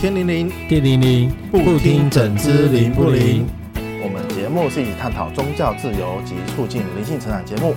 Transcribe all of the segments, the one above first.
天靈靈，地靈靈，不聽怎知靈不靈？我們節目是以探討宗教自由及促進靈性成長節目。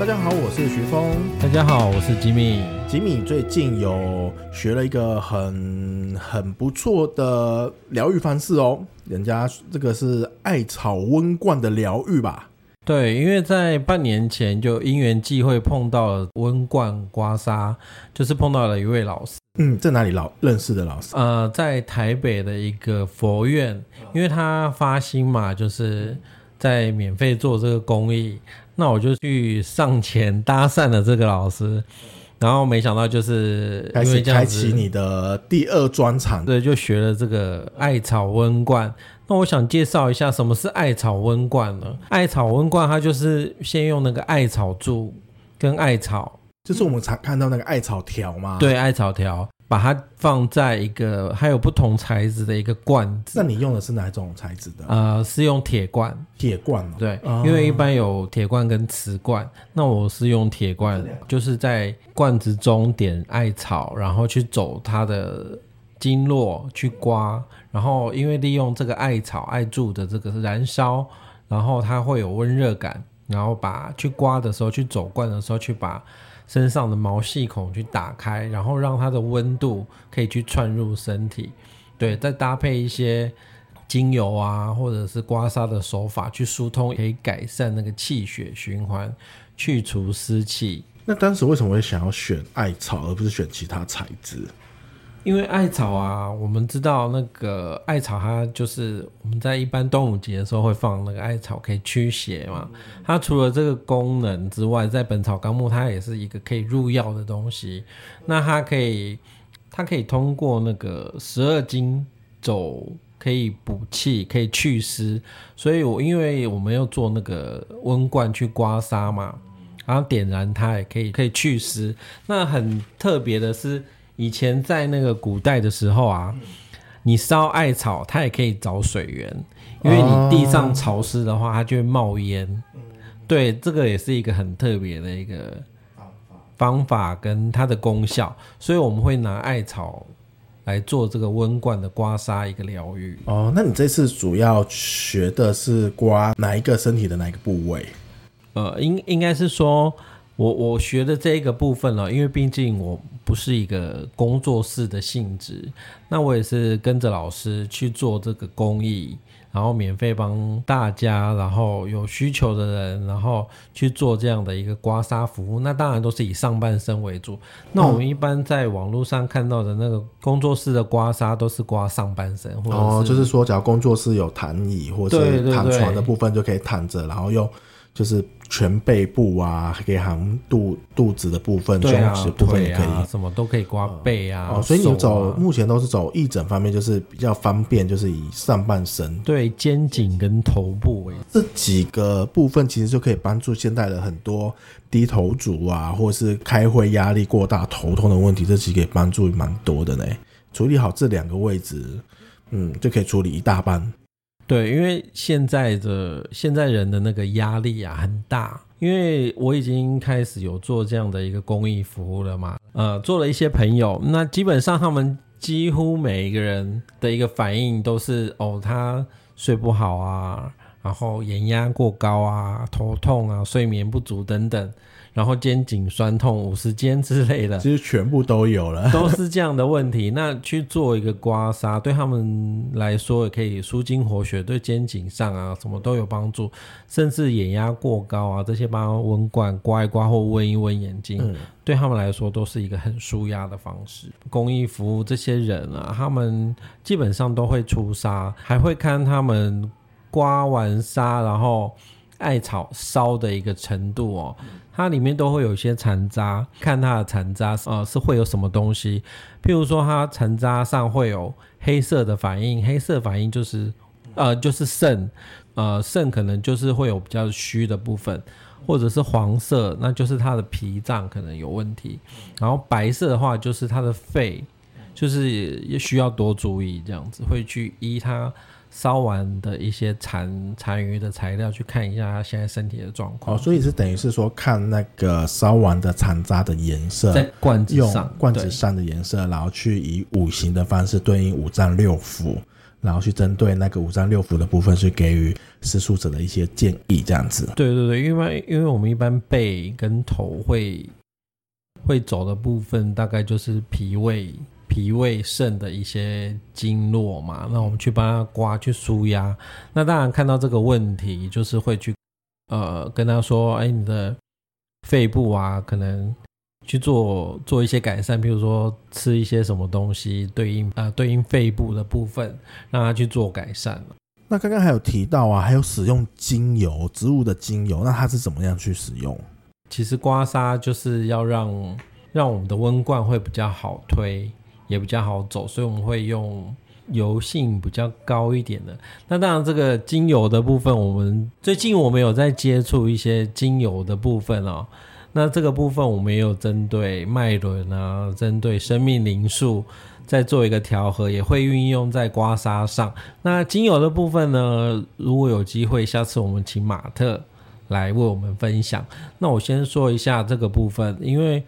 大家好，我是徐峰。大家好，我是吉米。吉米最近有學了一個很很不錯的療癒方式哦，人家這個是艾草溫罐的療癒吧？對，因為在半年前就因緣際會碰到了溫罐刮痧，就是碰到了一位老師。嗯，在哪裡老認識的老師？呃，在台北的一個佛院，因為他發心嘛，就是在免費做這個公益，那我就去上前搭訕了這個老師，然後沒想到就是因為這樣子，開啟你的第二專場，對，就學了這個艾草溫罐。那我想介紹一下什麼是艾草溫罐呢？艾草溫罐，它就是先用那個艾草柱跟艾草，這是我們常看到那個艾草條嗎？對，艾草條，把它放在一個還有不同材質的一個罐子。那你用的是哪種材質的？呃，是用鐵罐。鐵罐，哦？對，嗯，因為一般有鐵罐跟瓷罐。那我是用鐵罐，這樣，就是在罐子中點艾草，然後去走它的經絡去刮。然後，因為利用這個艾草、艾柱的這個燃燒，然後它會有溫熱感，然後把去刮的時候、去走罐的時候，去把身上的毛細孔去打開，然後讓它的溫度可以去竄入身體。對，再搭配一些精油啊，或者是刮痧的手法去疏通，可以改善那個氣血循環，去除濕氣。那當時為什麼會想要選艾草，而不是選其他材質？因為艾草啊，我們知道那個艾草，它就是我們在一般端午節的時候會放那個艾草，可以驅邪嘛。它除了這個功能之外，在《本草綱目》它也是一個可以入藥的東西。那它可以，它可以通過那個十二經走，可以補氣，可以祛濕。所以我，我因為我們要做那個溫罐去刮痧嘛，然後點燃它也可以，可以祛濕。那很特別的是。以前在那個古代的時候啊，你燒艾草，它也可以找水源，因為你地上潮濕的話，它就會冒煙。對，這個也是一個很特別的一個方法跟它的功效，所以我們會拿艾草來做這個溫罐的刮痧一個療癒。哦，那你這次主要學的是刮哪一個身體的哪一個部位？呃，應應該是說。我我學的這一個部分呢、喔，因為畢竟我不是一個工作室的性質，那我也是跟着老師去做這個公益，然後免費幫大家，然後有需求的人，然後去做這樣的一個刮痧服務。那當然都是以上半身為主。那我們一般在網絡上看到的那個工作室的刮痧都是刮上半身，或者是，嗯哦，就是說，假如工作室有躺椅或者躺床的部分，就可以躺着，然後用。就是全背部啊，還可以含肚肚子的部分，啊、胸、肢部分也可以、啊，什麼都可以刮背啊。哦，所以你走嘛目前都是走義診方面，就是比較方便，就是以上半身，對，肩頸跟頭部為這幾個部分，其實就可以幫助現代的很多低頭族啊，或者是開會壓力過大頭痛的問題，這其實可以幫助蠻多的呢。處理好這兩個位置，嗯，就可以處理一大半。對，因為現在的現在人的那個壓力啊很大，因為我已經開始有做這樣的一個公益服務了嘛，呃，做了一些朋友，那基本上他們幾乎每一個人的一個反應都是，哦，他睡不好啊，然後眼壓過高啊，頭痛啊，睡眠不足等等。然後肩頸酸痛、五十肩之類的，其實全部都有了，都是這樣的問題。 那去做一個刮痧，對他們來說也可以舒筋活血，對肩頸上啊什麼都有幫助。甚至眼壓過高啊，這些幫溫罐刮一刮或溫一溫眼睛，嗯、對他們來說都是一個很舒壓的方式。公益服務這些人啊，他們基本上都會出痧，還會看他們刮完痧，然後。艾草燒的一個程度哦、喔，它裡面都會有一些殘渣，看它的殘渣啊、呃、是會有什麼東西，譬如說它殘渣上會有黑色的反應，黑色反應就是呃就是腎，呃腎可能就是會有比較虛的部分，或者是黃色，那就是它的脾臟可能有問題，然後白色的話就是它的肺。就是也需要多注意，這樣子會去依他燒完的一些殘殘餘的材料，去看一下他現在身體的狀況。哦，所以是等於是說，看那個燒完的殘渣的顏色，在罐子上罐子上的顏色，對然後去以五行的方式對應五臟六腑，然後去針對那個五臟六腑的部分，去給予施術者的一些建議，這樣子。對對對，因為因為我們一般背跟頭會會走的部分，大概就是脾胃。脾胃腎的一些經絡嘛，那我們去幫他刮，去舒壓。那當然看到這個問題，就是會去呃跟他說：“哎、欸，你的肺部啊，可能去做做一些改善，比如說吃一些什麼東西對應啊、呃，對應肺部的部分，讓他去做改善。那剛剛還有提到啊，還有使用精油、植物的精油，那它是怎麼樣去使用？其實刮痧就是要讓讓我們的溫罐會比較好推。也比較好走，所以我們會用油性比較高一點的。那當然，這個精油的部分，我們最近我們有在接觸一些精油的部分哦、喔。那這個部分我們也有針對脈輪啊，針對生命靈數，在做一個調和，也會運用在刮痧上。那精油的部分呢，如果有機會，下次我們請馬特來為我們分享。那我先說一下這個部分，因為。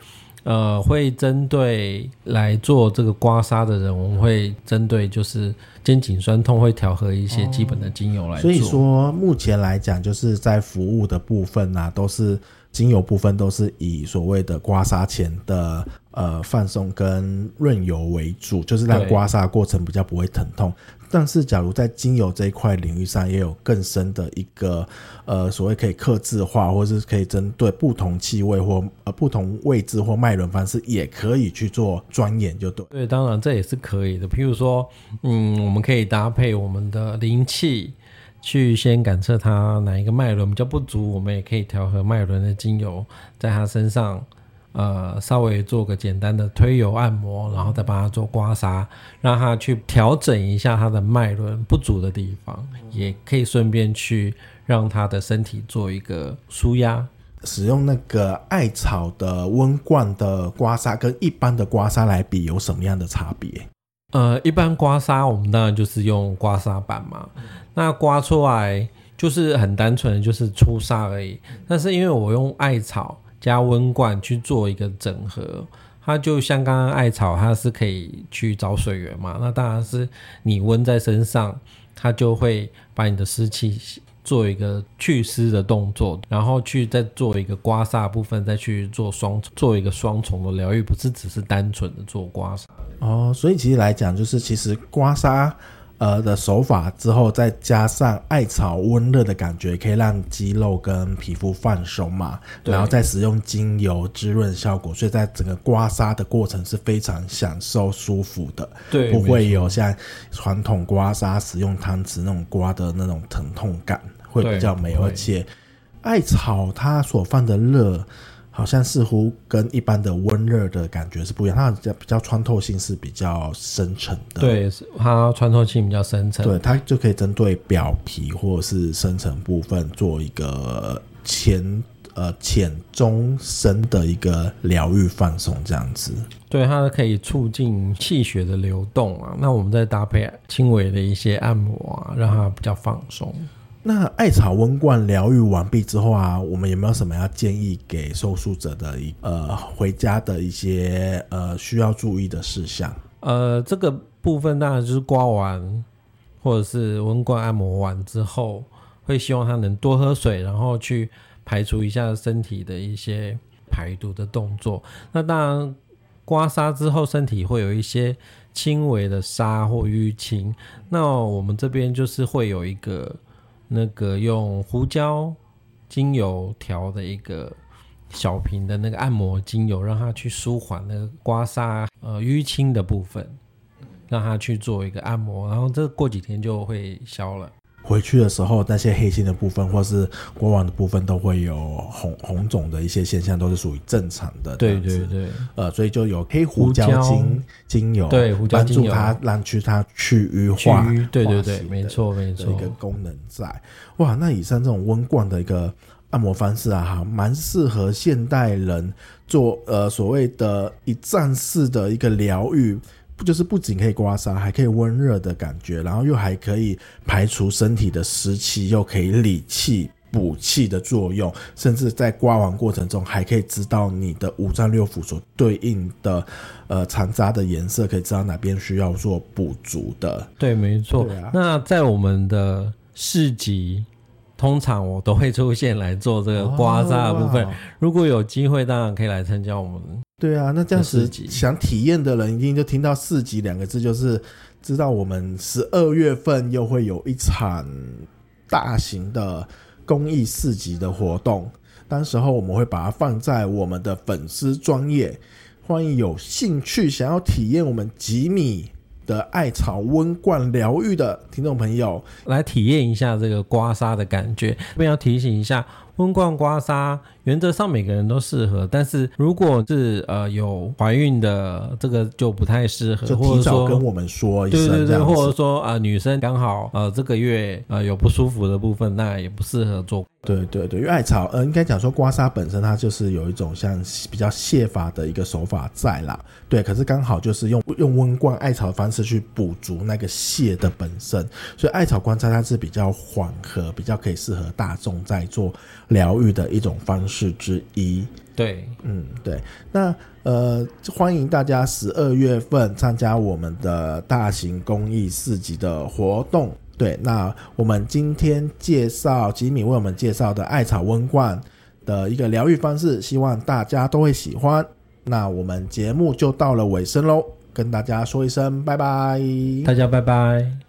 呃，會針對來做這個刮痧的人，我們會針對就是肩頸酸痛，會調和一些基本的精油來做。哦，所以說，目前來講，就是在服務的部分呢、啊，都是。精油部分都是以所謂的刮痧前的呃放鬆跟潤油為主，就是讓刮痧過程比較不會疼痛。對但是，假如在精油這一塊領域上，也有更深的一個呃所謂可以客製化，或者是可以針對不同氣味或呃不同位置或脈輪方式，也可以去做鑽研，就對。對，當然這也是可以的。譬如說，嗯，我們可以搭配我們的靈氣。去先感測它哪一個脈輪比較不足，我們也可以調和脈輪的精油，在它身上，呃，稍微做個簡單的推油按摩，然後再幫他做刮痧，讓他去調整一下他的脈輪不足的地方，也可以順便去讓他的身體做一個舒壓。使用那個艾草的溫罐的刮痧，跟一般的刮痧來比，有什麼樣的差別？呃，一般刮痧我們當然就是用刮痧板嘛，那刮出來就是很單純的就是出痧而已。但是因為我用艾草加溫罐去做一個整合，它就像剛剛艾草，它是可以去找水源嘛。那當然是你溫在身上，它就會把你的濕氣做一個祛濕的動作，然後去再做一個刮痧部分，再去做雙做一個雙重的療癒，不是只是單純的做刮痧。哦，所以其實來講，就是其實刮痧，呃的手法之後，再加上艾草溫熱的感覺，可以讓肌肉跟皮膚放鬆嘛。對然後再使用精油滋潤效果，所以在整個刮痧的過程是非常享受、舒服的。對。不會有像傳統刮痧使用湯匙那種刮的那種疼痛感，對會比較美。而且艾草它所放的熱。好像似乎跟一般的溫熱的感覺是不一樣，它比較穿透性是比較深層的，對，它穿透性比較深層，對，它就可以針對表皮或是深層部分做一個淺呃淺中深的一個療癒放鬆這樣子，對，它可以促進氣血的流動啊，那我們再搭配輕微的一些按摩啊，讓它比較放鬆。那艾草溫罐療癒完畢之後啊，我們有沒有什麼要建議給受術者的一呃回家的一些呃需要注意的事項？呃，這個部分當然就是刮完或者是溫罐按摩完之後，會希望他能多喝水，然後去排除一下身體的一些排毒的動作。那當然，刮痧之後身體會有一些輕微的痧或淤青，那我們這邊就是會有一個。那個用胡椒精油調的一個小瓶的那個按摩精油，讓它去舒緩那個刮痧，呃，淤青的部分，讓它去做一個按摩，然後這過幾天就會消了。回去的時候，那些黑青的部分或是過往的部分都會有紅紅腫的一些現象，都是屬於正常的。對對對，呃，所以就有黑胡椒精、胡椒精油，對胡椒精油幫助它讓去它去瘀化，對對對，沒錯沒錯，一個功能在。錯哇，那以上這種溫罐的一個按摩方式啊，哈，蠻適合現代人做呃所謂的一站式的一個療癒。不就是不僅可以刮痧，還可以溫熱的感覺，然後又還可以排除身體的濕氣，又可以理氣、補氣的作用，甚至在刮完過程中，還可以知道你的五臟六腑所對應的呃殘渣的顏色，可以知道哪邊需要做補足的。對，沒錯。啊、那在我們的市集，通常我都會出現來做這個刮痧的部分。Wow 如果有機會，當然可以來參加我們。對啊，那這樣子想體驗的人一定就聽到“四級”兩個字，就是知道我們十二月份又會有一場大型的公益四級的活動。當時候我們會把它放在我們的粉絲專頁，歡迎有興趣想要體驗我們吉米的艾草溫罐療癒的聽眾朋友來體驗一下這個刮痧的感覺。這邊要提醒一下。溫罐刮痧原則上每個人都適合，但是如果是呃有懷孕的，這個就不太適合。就提早跟我們說一聲，對對對，或者說啊、呃、女生剛好呃這個月呃有不舒服的部分，那也不適合做。對對對，因為艾草呃應該講說刮痧本身它就是有一種像比較瀉法的一個手法在啦，對，可是剛好就是用用溫罐艾草的方式去補足那個瀉的本身，所以艾草刮痧它是比較緩和，比較可以適合大眾在做。療癒的一種方式之一，對，嗯，對，那呃，歡迎大家十二月份參加我們的大型公益市集的活動，對，那我們今天介紹吉米為我們介紹的艾草溫罐的一個療癒方式，希望大家都會喜歡。那我們節目就到了尾聲嘍，跟大家說一聲拜拜，大家拜拜。